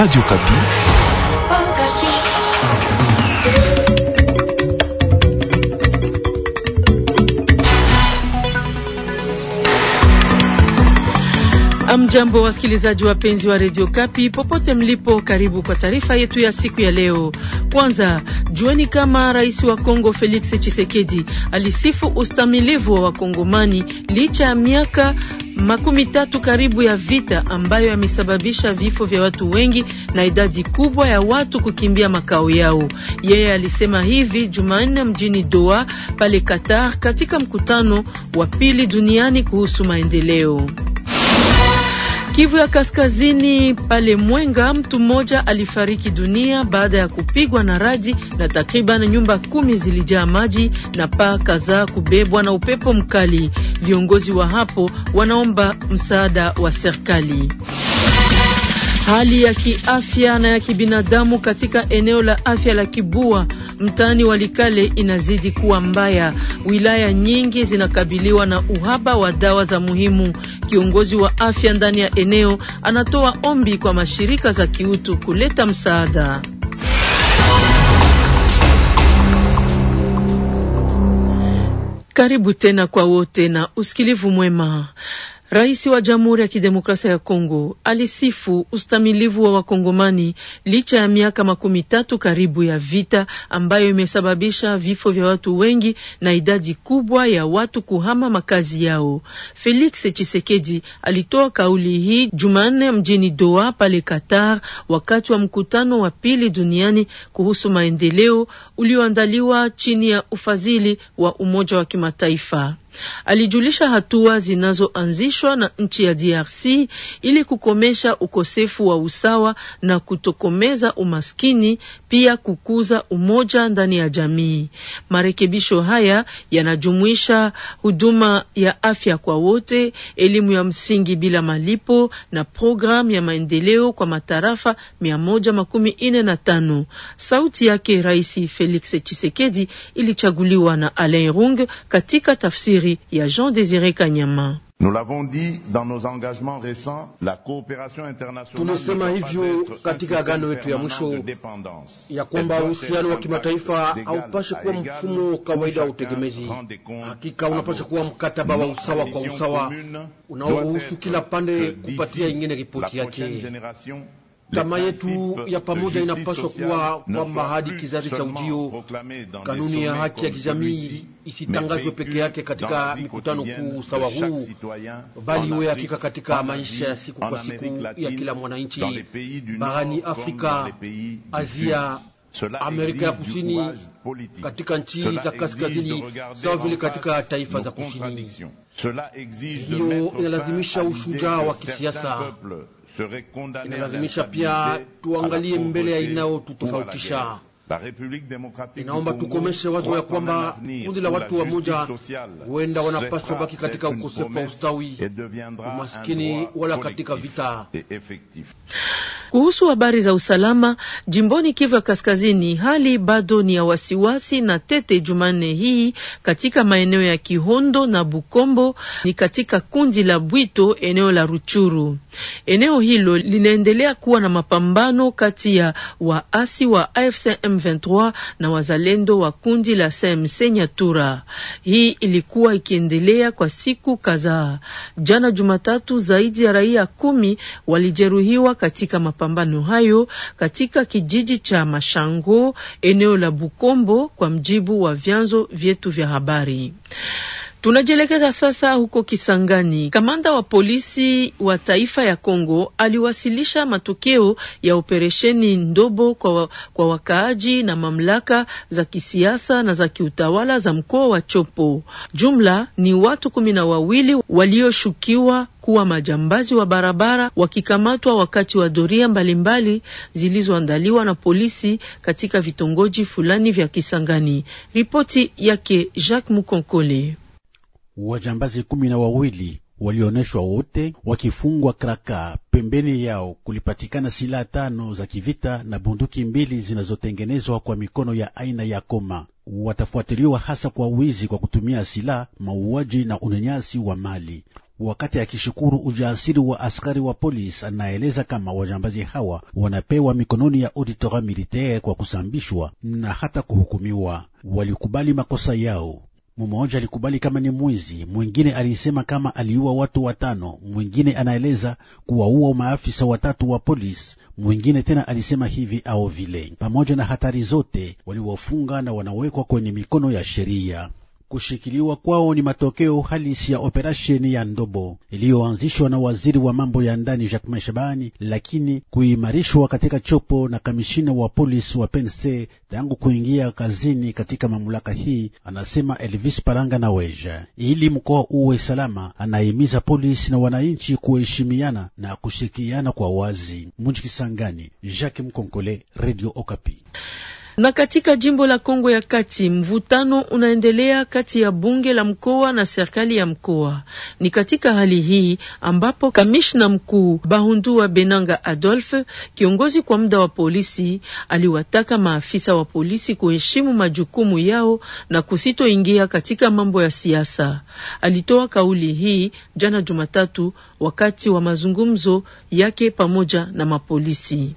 Radio Kapi. Amjambo, wasikilizaji wapenzi wa Radio Kapi popote mlipo, karibu kwa taarifa yetu ya siku ya leo. Kwanza jueni kama rais wa Kongo Felix Tshisekedi alisifu ustamilivu wa Wakongomani licha ya miaka makumi tatu karibu ya vita ambayo yamesababisha vifo vya watu wengi na idadi kubwa ya watu kukimbia makao yao. Yeye alisema hivi Jumanne mjini Doha pale Qatar katika mkutano wa pili duniani kuhusu maendeleo. Kivu ya Kaskazini, pale Mwenga, mtu mmoja alifariki dunia baada ya kupigwa na radi na takriban nyumba kumi zilijaa maji na paa kadhaa kubebwa na upepo mkali. Viongozi wa hapo wanaomba msaada wa serikali. Hali ya kiafya na ya kibinadamu katika eneo la afya la Kibua mtaani Walikale inazidi kuwa mbaya. Wilaya nyingi zinakabiliwa na uhaba wa dawa za muhimu. Kiongozi wa afya ndani ya eneo anatoa ombi kwa mashirika za kiutu kuleta msaada. Karibu tena kwa wote na usikilivu mwema. Rais wa Jamhuri ya Kidemokrasia ya Kongo alisifu ustamilivu wa Wakongomani licha ya miaka makumi tatu karibu ya vita ambayo imesababisha vifo vya watu wengi na idadi kubwa ya watu kuhama makazi yao. Felix chisekedi alitoa kauli hii Jumanne mjini Doha pale Qatar, wakati wa mkutano wa pili duniani kuhusu maendeleo ulioandaliwa chini ya ufadhili wa Umoja wa Kimataifa. Alijulisha hatua zinazoanzishwa na nchi ya DRC ili kukomesha ukosefu wa usawa na kutokomeza umaskini, pia kukuza umoja ndani ya jamii. Marekebisho haya yanajumuisha huduma ya afya kwa wote, elimu ya msingi bila malipo na programu ya maendeleo kwa matarafa Sauti yake Rais Felix Tshisekedi ilichaguliwa na Alain Rung katika tafsiri Matari et à Jean-Désiré Kanyama. Nous l'avons dit Tumesema hivyo katika agano yetu ya mwisho ya kwamba uhusiano wa kimataifa haupashe kuwa mfumo kawaida wa utegemezi. Hakika unapasha kuwa mkataba wa usawa kwa usawa unaohusu kila pande kupatia ingine ripoti yake. Tamaa yetu ya pamoja inapaswa kuwa kwamba hadi kizazi cha ujio kanuni ya haki ya kijamii isitangazwe peke yake katika mikutano kuu sawa huu, bali iwe hakika katika maisha ya siku kwa siku ya kila mwananchi barani Afrika, Asia, Amerika ya Kusini, katika nchi za kaskazini sawa vile katika taifa za kusini. Hiyo inalazimisha ushujaa wa kisiasa Inalazimisha pia tuangalie mbele ya inayotutofautisha. Inaomba tukomeshe wazo ya kwamba kundi la watu wamoja huenda wanapaswa baki katika ukosefu wa ustawi, umaskini wala katika vita. Kuhusu habari za usalama jimboni Kivu ya Kaskazini, hali bado ni ya wasiwasi na tete. Jumanne hii katika maeneo ya Kihondo na Bukombo ni katika kundi la Bwito, eneo la Ruchuru. Eneo hilo linaendelea kuwa na mapambano kati ya waasi wa AFCM na wazalendo wa kundi la CMC Nyatura. Hii ilikuwa ikiendelea kwa siku kadhaa. Jana Jumatatu, zaidi ya raia kumi walijeruhiwa katika mapambano hayo katika kijiji cha Mashango, eneo la Bukombo, kwa mjibu wa vyanzo vyetu vya habari. Tunajielekeza sasa huko Kisangani. Kamanda wa polisi wa taifa ya Kongo aliwasilisha matokeo ya operesheni Ndobo kwa, kwa wakaaji na mamlaka za kisiasa na za kiutawala za mkoa wa Chopo. Jumla ni watu kumi na wawili walioshukiwa kuwa majambazi wa barabara wakikamatwa wakati wa doria mbalimbali zilizoandaliwa na polisi katika vitongoji fulani vya Kisangani. Ripoti yake Jacques Mukonkole. Wajambazi kumi na wawili walioneshwa wote wakifungwa kraka. Pembeni yao kulipatikana silaha tano za kivita na bunduki mbili zinazotengenezwa kwa mikono ya aina ya koma. Watafuatiliwa hasa kwa wizi kwa kutumia silaha, mauaji na unyanyasi wa mali. Wakati akishukuru ujasiri wa askari wa polisi, anaeleza kama wajambazi hawa wanapewa mikononi ya auditora militaire kwa kusambishwa na hata kuhukumiwa. Walikubali makosa yao. Mmoja alikubali kama ni mwizi, mwingine alisema kama aliua watu watano, mwingine anaeleza kuwaua maafisa watatu wa polisi, mwingine tena alisema hivi au vile. Pamoja na hatari zote, waliwafunga na wanawekwa kwenye mikono ya sheria. Kushikiliwa kwao ni matokeo halisi ya operasheni ya Ndobo iliyoanzishwa na waziri wa mambo ya ndani Jacquemain Shabani, lakini kuimarishwa katika chopo na kamishina wa polisi wa pense tangu kuingia kazini katika mamlaka hii, anasema Elvis Paranga na Weja. Ili mkoa uwe salama, anahimiza polisi na wananchi kuheshimiana na kushikiana kwa wazi. Mujikisangani, Jacques Mkonkole, Radio Okapi. Na katika jimbo la Kongo ya Kati, mvutano unaendelea kati ya bunge la mkoa na serikali ya mkoa. Ni katika hali hii ambapo kamishna mkuu Bahunduwa Benanga Adolphe, kiongozi kwa muda wa polisi, aliwataka maafisa wa polisi kuheshimu majukumu yao na kusitoingia katika mambo ya siasa. Alitoa kauli hii jana Jumatatu wakati wa mazungumzo yake pamoja na mapolisi.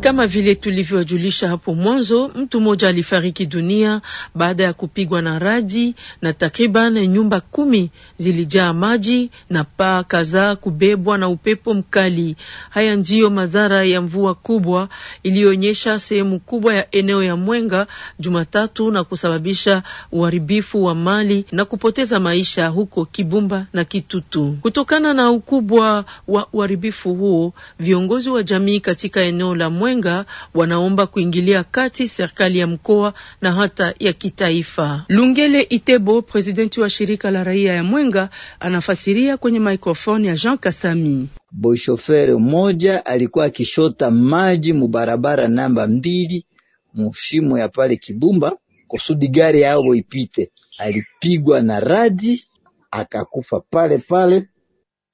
Kama vile tulivyojulisha hapo mwanzo, mtu mmoja alifariki dunia baada ya kupigwa na radi na takriban nyumba kumi zilijaa maji na paa kadhaa kubebwa na upepo mkali. Haya ndiyo madhara ya mvua kubwa iliyoonyesha sehemu kubwa ya eneo ya Mwenga Jumatatu na kusababisha uharibifu wa mali na kupoteza maisha huko Kibumba na Kitutu. Kutokana na ukubwa wa uharibifu huo, viongozi wa jamii katika eneo la Mwenga Mwenga wanaomba kuingilia kati serikali ya mkoa na hata ya kitaifa. Lungele Itebo, presidenti wa shirika la raia ya Mwenga, anafasiria kwenye mikrofoni ya Jean Kasami. Boshofere moja alikuwa akishota maji mubarabara namba mbili mushimo ya pale Kibumba kusudi gari yao ipite, alipigwa na radi akakufa pale pale.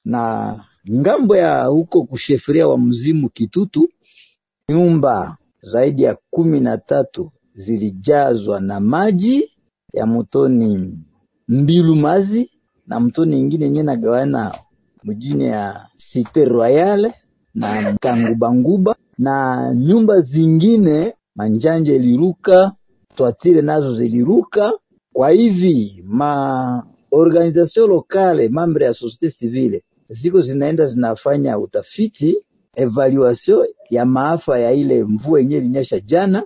Na ngambo ya huko kushefuria wa mzimu Kitutu Nyumba zaidi ya kumi na tatu zilijazwa na maji ya mutoni mazi na mtoni ingine nye nagawana mjini ya Site Royale na Kangubanguba, na nyumba zingine manjanja iliruka, twatire nazo ziliruka. Kwa hivi ma organization lokale, mambre ya sosiete sivile ziko zinaenda zinafanya utafiti evaluation ya maafa ya ile mvua yenyewe ilinyesha jana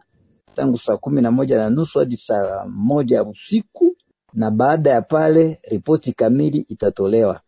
tangu saa kumi na moja na nusu hadi saa moja usiku, na baada ya pale ripoti kamili itatolewa.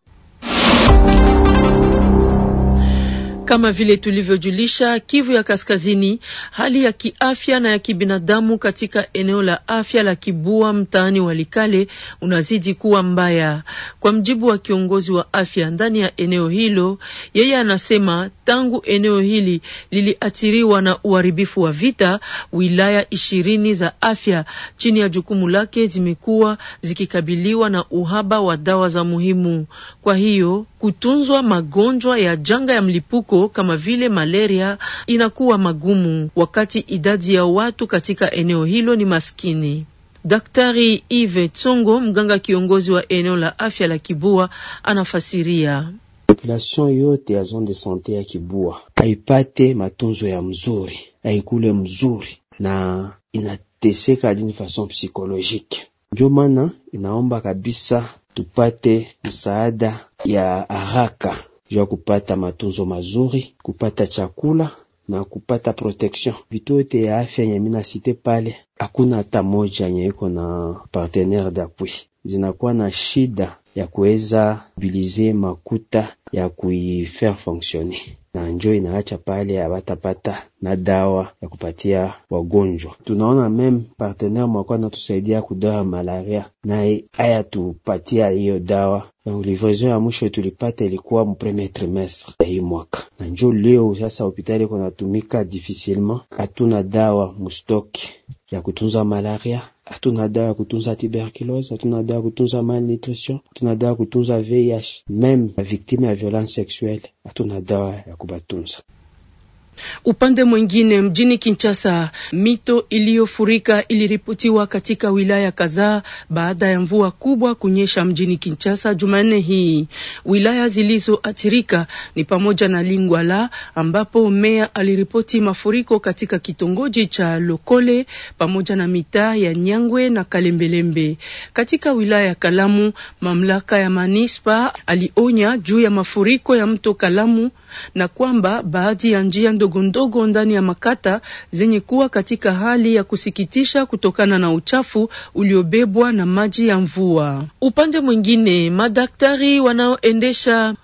Kama vile tulivyojulisha, Kivu ya Kaskazini, hali ya kiafya na ya kibinadamu katika eneo la afya la Kibua mtaani Walikale unazidi kuwa mbaya. Kwa mjibu wa kiongozi wa afya ndani ya eneo hilo, yeye anasema tangu eneo hili liliathiriwa na uharibifu wa vita, wilaya ishirini za afya chini ya jukumu lake zimekuwa zikikabiliwa na uhaba wa dawa za muhimu. Kwa hiyo kutunzwa magonjwa ya janga ya mlipuko mlipuko kama vile malaria inakuwa magumu, wakati idadi ya watu katika eneo hilo ni maskini. Daktari Ive Tsongo, mganga kiongozi wa eneo la afya la Kibua, anafasiria populasion yote ya zone de sante ya Kibua haipate matunzo ya mzuri, haikule mzuri na inateseka dini fason psikolojike. Ndio maana inaomba kabisa tupate msaada ya haraka juu ya kupata matunzo mazuri, kupata chakula na kupata protection. Vituo yote ya afya yenye mina site pale, hakuna hata moja yenye iko na partenaire d'appui, zinakuwa na shida ya kuweza bilize makuta ya kuifaire fonctionner na njo inaacha pale hawatapata na dawa ya kupatia wagonjwa. Tunaona meme partenere mwakwa natusaidia kudoa malaria, naye haya tupatia hiyo dawa. Donc livraison ya mwisho tulipata ilikuwa mpremier trimestre ya hii mwaka, na njo leo sasa hopitali kunatumika difficilement, hatuna dawa mustoki ya kutunza malaria hatuna dawa ya kutunza tuberculose, hatuna dawa ya kutunza malnutrition, hatuna dawa ya kutunza VIH, meme victime ya violence sexuelle hatuna dawa ya kubatunza. Upande mwingine mjini Kinshasa, mito iliyofurika iliripotiwa katika wilaya kadhaa baada ya mvua kubwa kunyesha mjini Kinshasa Jumanne hii. Wilaya zilizoathirika ni pamoja na Lingwala ambapo meya aliripoti mafuriko katika kitongoji cha Lokole pamoja na mitaa ya Nyangwe na Kalembelembe. Katika wilaya ya Kalamu, mamlaka ya manispa alionya juu ya mafuriko ya mto Kalamu na kwamba baadhi ya njia ndogo ndogo ndani ya makata zenye kuwa katika hali ya kusikitisha kutokana na uchafu uliobebwa na maji ya mvua. Upande mwingine, madaktari wanaoendesha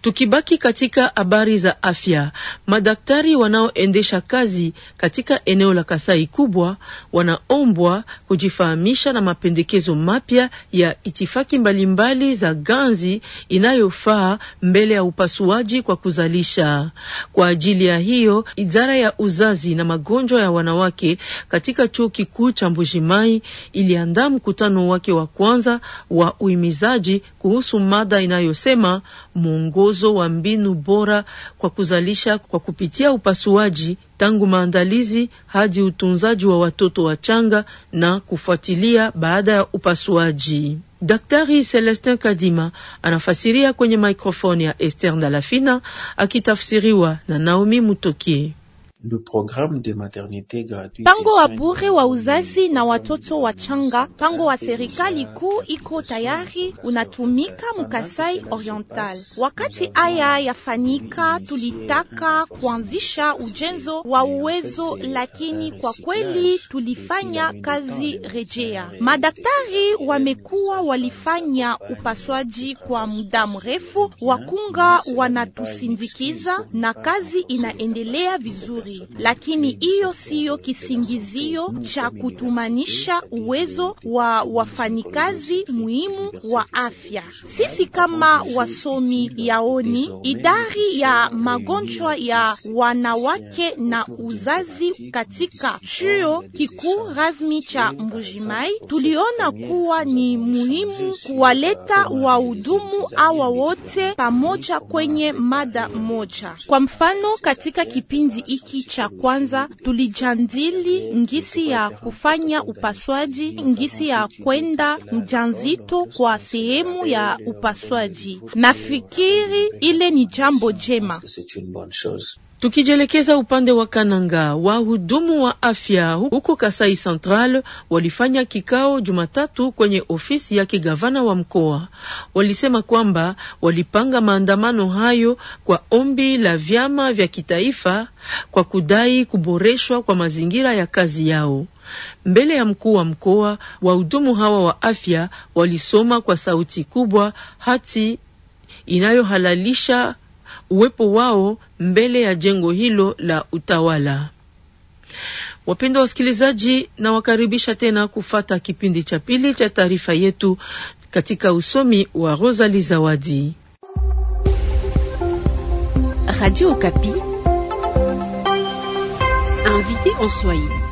Tukibaki katika habari za afya, madaktari wanaoendesha kazi katika eneo la Kasai kubwa wanaombwa kujifahamisha na mapendekezo mapya ya itifaki mbalimbali za ganzi inayofaa mbele ya upasuaji kwa kuzalisha. Kwa ajili ya hiyo, idara ya uzazi na magonjwa ya wanawake katika chuo kikuu cha Mbujimai iliandaa mkutano wake wa kwanza wa uhimizaji kuhusu mada inayosema mwongozo wa mbinu bora kwa kuzalisha kwa kupitia upasuaji tangu maandalizi hadi utunzaji wa watoto wachanga na kufuatilia baada ya upasuaji. Daktari Celestin Kadima anafasiria kwenye mikrofoni ya Esther dalafina akitafsiriwa na Naomi Mutokie. Mpango wa bure wa uzazi na watoto wachanga, mpango wa serikali kuu iko tayari unatumika mukasai Oriental. Wakati haya yafanyika, tulitaka kuanzisha ujenzo wa uwezo, lakini kwa kweli tulifanya kazi rejea. Madaktari wamekuwa walifanya upasuaji kwa muda mrefu, wakunga wanatusindikiza na kazi inaendelea vizuri lakini hiyo siyo kisingizio cha kutumanisha uwezo wa wafanyikazi muhimu wa afya. Sisi kama wasomi yaoni, idari ya magonjwa ya wanawake na uzazi katika chuo kikuu rasmi cha Mbujimai, tuliona kuwa ni muhimu kuwaleta wahudumu hawa wote pamoja kwenye mada moja. Kwa mfano, katika kipindi hiki cha kwanza tulijandili ngisi ya kufanya upasuaji, ngisi ya kwenda mjanzito kwa sehemu ya upasuaji. Nafikiri ile ni jambo jema. Tukijielekeza upande wa Kananga, wahudumu wa afya huko Kasai Central walifanya kikao Jumatatu kwenye ofisi ya kigavana wa mkoa. Walisema kwamba walipanga maandamano hayo kwa ombi la vyama vya kitaifa kwa kudai kuboreshwa kwa mazingira ya kazi yao. Mbele ya mkuu wa mkoa, wahudumu hawa wa afya walisoma kwa sauti kubwa hati inayohalalisha uwepo wao mbele ya jengo hilo la utawala. Wapendwa wasikilizaji, nawakaribisha tena kufata kipindi cha pili cha taarifa yetu katika usomi wa Rosali Zawadi. Radio Kapi, invité en Swahili.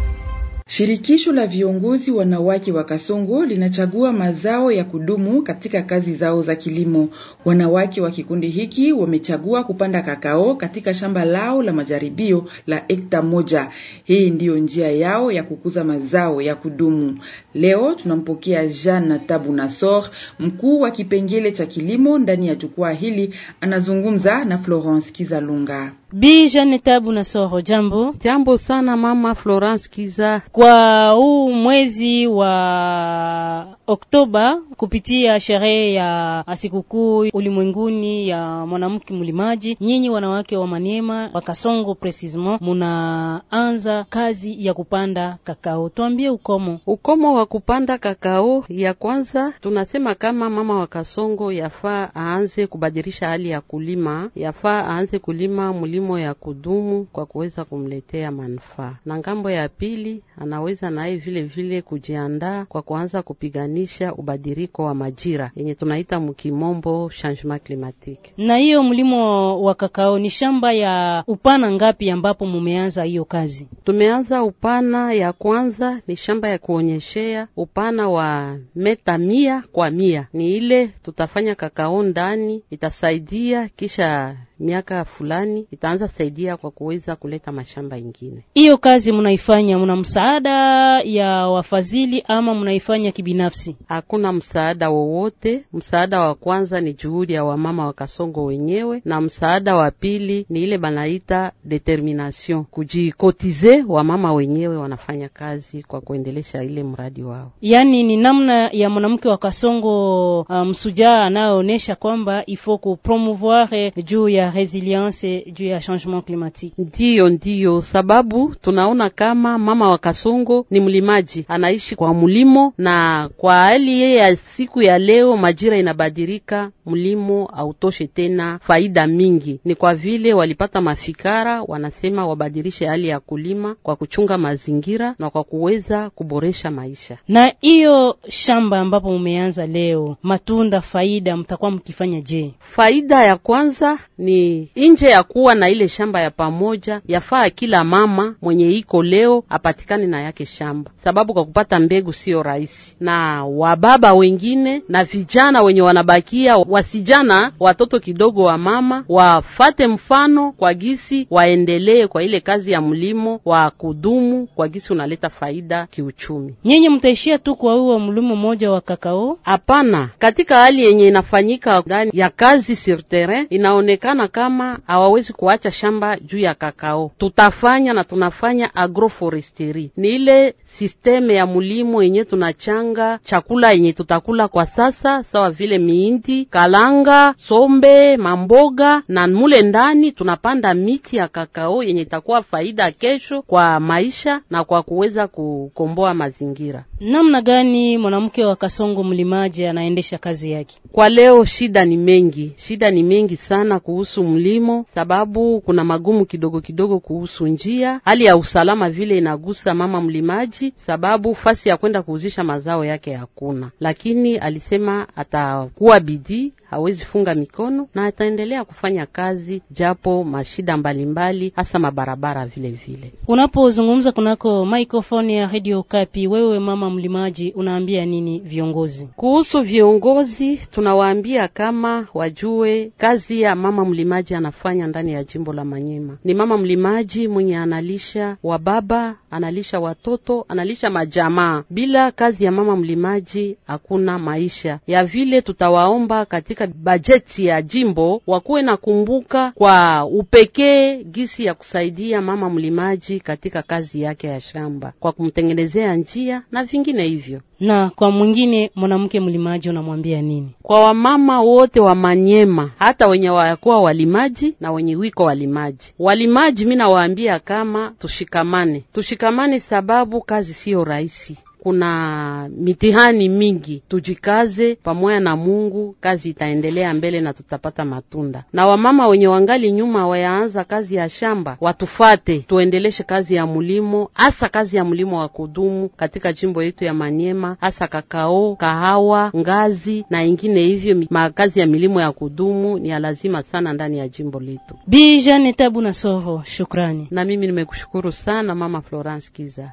Shirikisho la viongozi wanawake wa Kasongo linachagua mazao ya kudumu katika kazi zao za kilimo. Wanawake wa kikundi hiki wamechagua kupanda kakao katika shamba lao la majaribio la ekta moja. Hii ndiyo njia yao ya kukuza mazao ya kudumu. Leo tunampokea jean Tabu Nassor, mkuu wa kipengele cha kilimo ndani ya jukwaa hili, anazungumza na Florence Kizalunga. Bi Jeanne Tabu na Soro, jambo. Jambo sana mama Florence Kiza. Kwa huu mwezi wa Oktoba kupitia sherehe ya sikukuu ulimwenguni ya mwanamke mlimaji, nyinyi wanawake wa Maniema wa Kasongo precisement munaanza kazi ya kupanda kakao. Tuambie ukomo, ukomo wa kupanda kakao. Ya kwanza tunasema kama mama wa Kasongo yafaa aanze kubadilisha hali ya kulima, yafaa aanze kulima mlima kilimo ya kudumu kwa kuweza kumletea manufaa, na ngambo ya pili anaweza naye vile vile kujiandaa kwa kuanza kupiganisha ubadiriko wa majira yenye tunaita mkimombo changement climatique. Na hiyo mlimo wa kakao ni shamba ya upana ngapi ambapo mumeanza hiyo kazi? Tumeanza upana ya kwanza ni shamba ya kuonyeshea upana wa meta mia kwa mia, ni ile tutafanya kakao ndani, itasaidia kisha miaka fulani ita tunaanza saidia kwa kuweza kuleta mashamba ingine. Hiyo kazi mnaifanya, mna msaada ya wafadhili ama mnaifanya kibinafsi? Hakuna msaada wowote. Msaada wa kwanza ni juhudi ya wamama wa Kasongo wenyewe, na msaada wa pili ni ile banaita determination, kujikotize. Wamama wenyewe wanafanya kazi kwa kuendelesha ile mradi wao, yaani ni namna ya mwanamke wa Kasongo msujaa um, anayoonyesha kwamba ifo ku promouvoir juu ya resilience juu ya ya changement climatique. Ndiyo, ndiyo sababu tunaona kama mama wa Kasongo ni mlimaji, anaishi kwa mlimo na kwa hali yeye ya siku ya leo majira inabadirika, mlimo autoshe tena faida mingi. Ni kwa vile walipata mafikara, wanasema wabadilishe hali ya kulima kwa kuchunga mazingira na kwa kuweza kuboresha maisha. Na hiyo shamba ambapo mumeanza leo, matunda faida mtakuwa mkifanya je? Faida ya kwanza ni nje ya kuwa na na ile shamba ya pamoja, yafaa kila mama mwenye iko leo apatikane na yake shamba, sababu kwa kupata mbegu siyo rahisi. Na wababa wengine na vijana wenye wanabakia wasijana, watoto kidogo wa mama wafate mfano kwa gisi, waendelee kwa ile kazi ya mlimo wa kudumu, kwa gisi unaleta faida kiuchumi. Nyinyi mtaishia tu kwa huo mlimo mmoja wa kakao? Hapana, katika hali yenye inafanyika ndani ya kazi sur terrain inaonekana kama hawawezi kuwa kuacha shamba juu ya kakao. Tutafanya na tunafanya agroforesteri, ni ile sisteme ya mulimo yenye tunachanga chakula yenye tutakula kwa sasa, sawa vile miindi, kalanga, sombe, mamboga na mule ndani tunapanda miti ya kakao yenye itakuwa faida kesho kwa maisha na kwa kuweza kukomboa mazingira. Namna gani mwanamke wa Kasongo mlimaji anaendesha kazi yake kwa leo? Shida ni mengi, shida ni mengi sana kuhusu mlimo sababu huu kuna magumu kidogo kidogo kuhusu njia, hali ya usalama vile inagusa mama mlimaji, sababu fasi ya kwenda kuuzisha mazao yake hakuna, lakini alisema atakuwa bidii, hawezi funga mikono na ataendelea kufanya kazi japo mashida mbalimbali, hasa mabarabara vile vile. Unapozungumza kunako microphone ya Radio Kapi, wewe mama mlimaji, unaambia nini viongozi? Kuhusu viongozi, tunawaambia kama wajue kazi ya mama mlimaji anafanya ndani ya jimbo la Manyema. Ni mama mlimaji mwenye analisha wa baba analisha watoto, analisha majamaa. Bila kazi ya mama mlimaji hakuna maisha ya vile. Tutawaomba katika bajeti ya jimbo wakuwe na kumbuka kwa upekee gisi ya kusaidia mama mlimaji katika kazi yake ya shamba kwa kumtengenezea njia na vingine hivyo. Na kwa mwingine mwanamke mlimaji unamwambia nini? Kwa wamama wote wa Manyema, hata wenye wayakuwa walimaji na wenye wiko walimaji, walimaji, mimi nawaambia kama tushikamane, tushikamane sababu kazi siyo rahisi kuna mitihani mingi, tujikaze pamoja na Mungu, kazi itaendelea mbele na tutapata matunda. Na wamama wenye wangali nyuma wayaanza kazi ya shamba watufate, tuendeleshe kazi ya mulimo, hasa kazi ya mulimo wa kudumu katika jimbo yetu ya Maniema, hasa kakao, kahawa, ngazi na ingine hivyo. Makazi ya milimo ya kudumu ni ya lazima sana ndani ya jimbo letu. Bija ni tabu na soho, shukrani. Na mimi nimekushukuru sana mama Florence Kiza.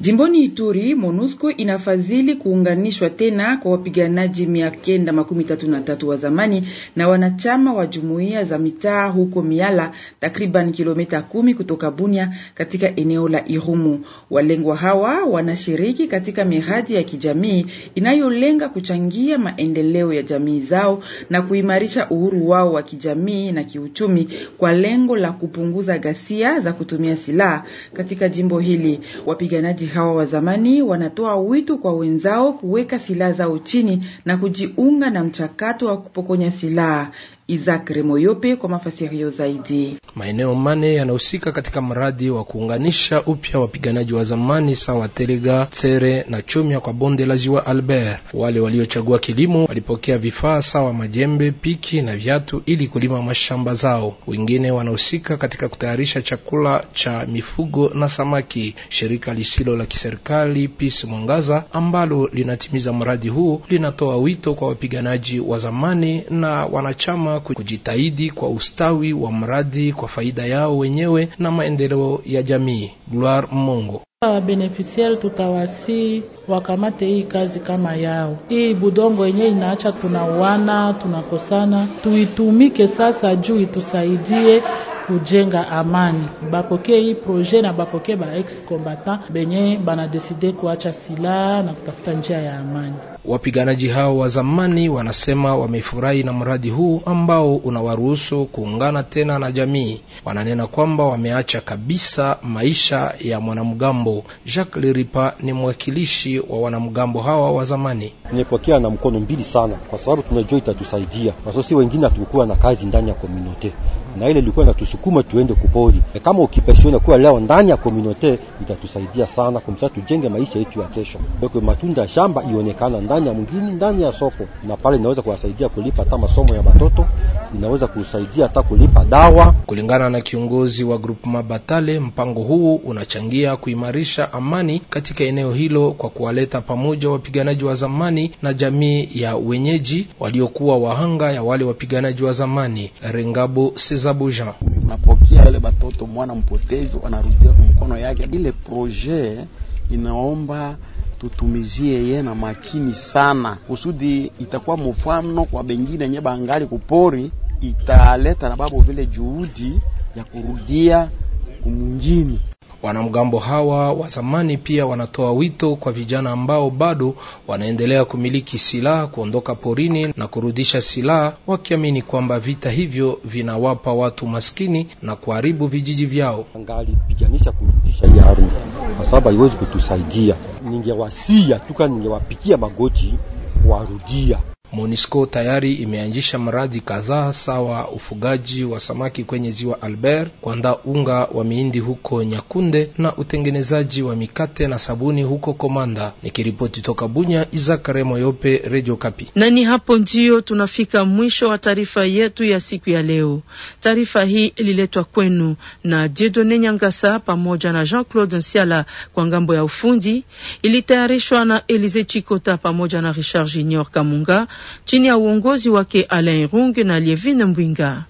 Jimboni Ituri, MONUSCO inafadhili kuunganishwa tena kwa wapiganaji mia kenda makumi tatu na tatu wa zamani na wanachama wa jumuiya za mitaa huko Miala, takriban kilomita kumi kutoka Bunia katika eneo la Irumu. Walengwa hawa wanashiriki katika miradi ya kijamii inayolenga kuchangia maendeleo ya jamii zao na kuimarisha uhuru wao wa kijamii na kiuchumi kwa lengo la kupunguza ghasia za kutumia silaha katika jimbo hili. Wapiganaji Viongozi hao wa zamani wanatoa wito kwa wenzao kuweka silaha zao chini na kujiunga na mchakato wa kupokonya silaha. Isaac Remoyope kwa mafasirio zaidi. Maeneo mane yanahusika katika mradi wa kuunganisha upya wapiganaji wa zamani sawa Terega, Tsere na Chumia kwa bonde la ziwa Albert. Wale waliochagua kilimo walipokea vifaa sawa majembe, piki na viatu ili kulima mashamba zao. Wengine wanahusika katika kutayarisha chakula cha mifugo na samaki. Shirika lisilo la kiserikali Peace Mwangaza ambalo linatimiza mradi huu linatoa wito kwa wapiganaji wa zamani na wanachama kujitahidi kwa ustawi wa mradi kwa faida yao wenyewe na maendeleo ya jamii. Gloire Mongo wabeneficiari tutawasii wakamate hii kazi kama yao. Hii budongo yenyewe inaacha tunauana, tunakosana, tuitumike sasa juu itusaidie kujenga amani. Bapokee hii projet na bapokee ba ex combatant benye banadeside kuacha silaha na kutafuta njia ya amani. Wapiganaji hao wa zamani wanasema wamefurahi na mradi huu ambao unawaruhusu kuungana tena na jamii. Wananena kwamba wameacha kabisa maisha ya mwanamgambo. Jacques Liripa ni mwakilishi wa wanamgambo hawa wa zamani. Tunaipokea na mkono mbili sana, kwa sababu tunajua itatusaidia, kwa sababu si wengine hatukuwa na kazi ndani ya komunote, na ile ilikuwa inatusukuma tuende kupori. E, kama ukipeshona kuwa leo ndani ya komunote, itatusaidia sana kumsa, tujenge maisha yetu ya kesho, matunda ya shamba ionekana ndani ndani ya mwingine ndani ya soko, na pale inaweza kuwasaidia kulipa hata masomo ya watoto, inaweza kusaidia hata kulipa dawa. Kulingana na kiongozi wa grupu Mabatale, mpango huu unachangia kuimarisha amani katika eneo hilo kwa kuwaleta pamoja wapiganaji wa zamani na jamii ya wenyeji waliokuwa wahanga ya wale wapiganaji wa zamani. Rengabo Sezabuja napokea wale batoto mwana mpotevu anarudia mkono yake. Ile proje inaomba tutumizie ye na makini sana, kusudi itakuwa mfano kwa bengine nye bangali kupori, italeta na babo vile juhudi ya kurudia kumungini. Wanamgambo hawa wa zamani pia wanatoa wito kwa vijana ambao bado wanaendelea kumiliki silaha kuondoka porini na kurudisha silaha, wakiamini kwamba vita hivyo vinawapa watu maskini na kuharibu vijiji vyao. Angalipiganisha kurudisha yaru kwa sababu haiwezi kutusaidia. Ningewasia tuka ningewapikia magoti warudia MONUSCO tayari imeanzisha mradi kadhaa sawa ufugaji wa samaki kwenye ziwa Albert, kuandaa unga wa miindi huko Nyakunde na utengenezaji wa mikate na sabuni huko Komanda. Nikiripoti toka Bunya, Izakare Moyope, Radio Kapi. Na ni hapo ndio tunafika mwisho wa taarifa yetu ya siku ya leo. Taarifa hii ililetwa kwenu na Jedone Nyangasa pamoja na Jean-Claude Nsiala kwa ngambo ya ufundi, ilitayarishwa na Elize Chikota pamoja na Richard Junior Kamunga chini ya uongozi wake Alain rung na Lievine Mbwinga.